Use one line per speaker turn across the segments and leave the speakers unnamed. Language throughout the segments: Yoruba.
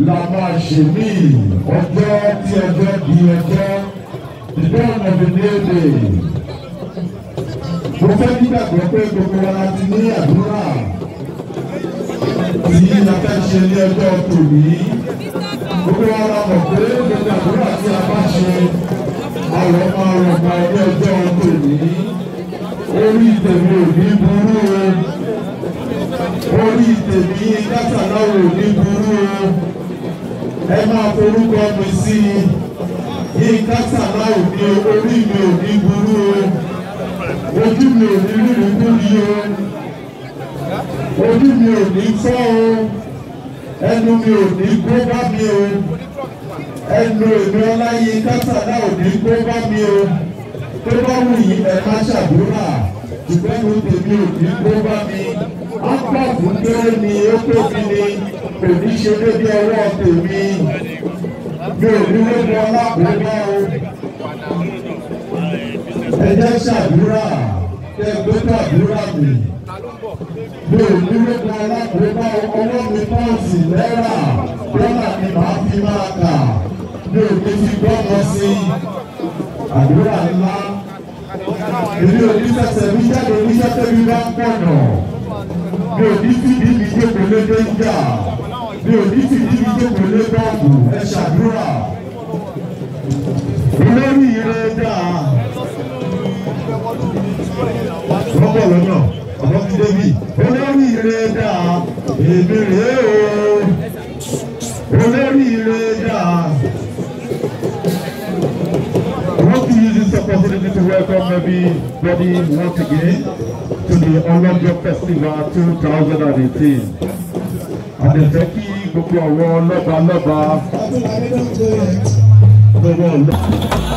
la máa ṣe mí ọjọ́ tí ọjọ́ di ọjọ́ ìdáhùn ọ̀dùnléèdè. mo fẹ́ nígbàgbọ́ pé gbogbo wa láti ní àdúrà tí a fẹ́ ṣe ní ọjọ́ tòní. gbogbo wa la mọ̀ pé gbogbo àdúrà tí a bá ṣe àwọn máa rọ̀ máa ọjọ́ tòní. orí tèmi ò burú o orí tèmi kásàláwò ní burú o ẹ máa forúkọ mi sí i yín kásàláwò ní orí mi ò ní burú o ojú mi ò ní rí ìrírí o ojú mi ò ní fọ́ o ẹnu mi ò ní kó bá mi o ẹnu èmi ọláyé kásàláwò ní kó bá mi o tó bá wù yín ẹ má ṣàdúrà ìgbẹ́nu tèmi ò ní kó bá mi ápọ̀pù kéré ni ó tóbi ni kò ní ṣe débi ọwọ́ tèmi
mi ò ní lóko alákòóbá o.
ẹ jẹ́ ṣàdúrà kẹ́ ẹ gbé tàdúrà mi mi ò ní lóko alákòóbá o ọwọ́ mi pọ́ọ̀sì náírà dọ́là ni màá fi máa kà mi ò ní fi gbọ́mọ sí àdúrà ńlá èmi ò ní fẹsẹ̀ mi gbọ̀nà mi ò ní síbi mi jókòó lé dẹ́ńjà mi ò ní síbi mi jókòó lé bọ́ọ̀bù ẹ ṣàdúrà olórí ire dáa lọ́pọ̀ lọ́nà ọ̀dọ́mídé mi olórí ire dáa èmi rèé o olórí ire dáa. opportunity to welcome everybody once again to the Ọlọ́jọ́ Festival 2018. Àdẹ̀fẹ́ kí gbogbo àwọn lọ́balọ́ba gbogbo ọlọ́ba.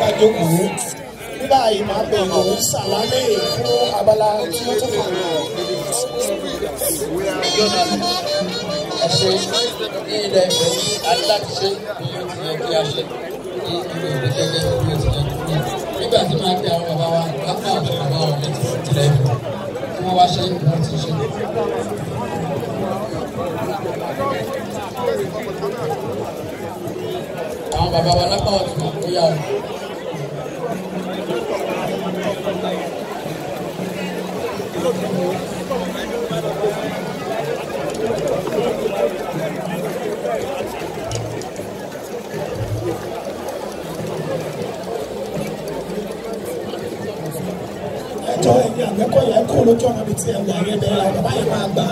ká jókòó nígbà yìí máa bẹ ìròyìn sàlámì fún abala tí ó tún kàn. ẹ̀ṣẹ̀ ní ilẹ̀ ìwé yìí aláṣẹ ni ó ti yẹ kí a ṣe ní ìwé ìwé gẹ́gẹ́ bí ó ti yẹ kí a ṣe. nígbà tí máa pe àwọn bàbá wa lápá àwọn bàbá wa létí ìtìlẹ̀ ìwé tí wọ́n wá ṣe ìwé ti ṣe. àwọn bàbá wa lápá ọ̀tún ó yà wọ́n. ẹjọ́ ẹ̀yin àgbẹ̀kọ̀yà ẹ lójú ọ̀nà bíi ti ẹ̀wà rẹ̀ bẹ̀rẹ̀ àwọn bàbá yẹn máa gbà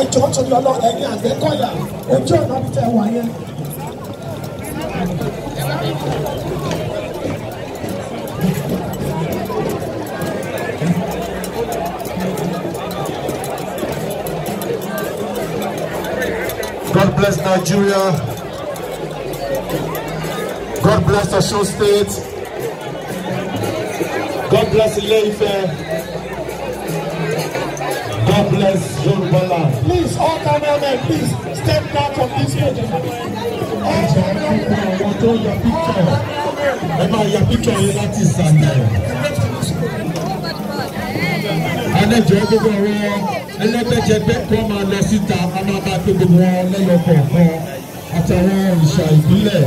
ẹjọ́ tó lọ́lọ́ ẹ̀yin àgbẹ̀kọ̀yà ojú ọ̀nà bíi ti ẹ̀wà yẹn. bless Nigeria. God bless Osun State. God bless Ileife. God bless Yoruba Please, all cameramen, please step back from this page. All cameramen, your picture. Emma, your picture is that is ẹlẹ́jọ́ gbogbo àwọn ẹlẹ́tẹ̀jẹgbẹ́ kọ́ máa lọ síta a máa bá pé gbogbo wọn lẹ́yọ kọ̀ọ̀kan àtàwọn òrìṣà ìbílẹ̀.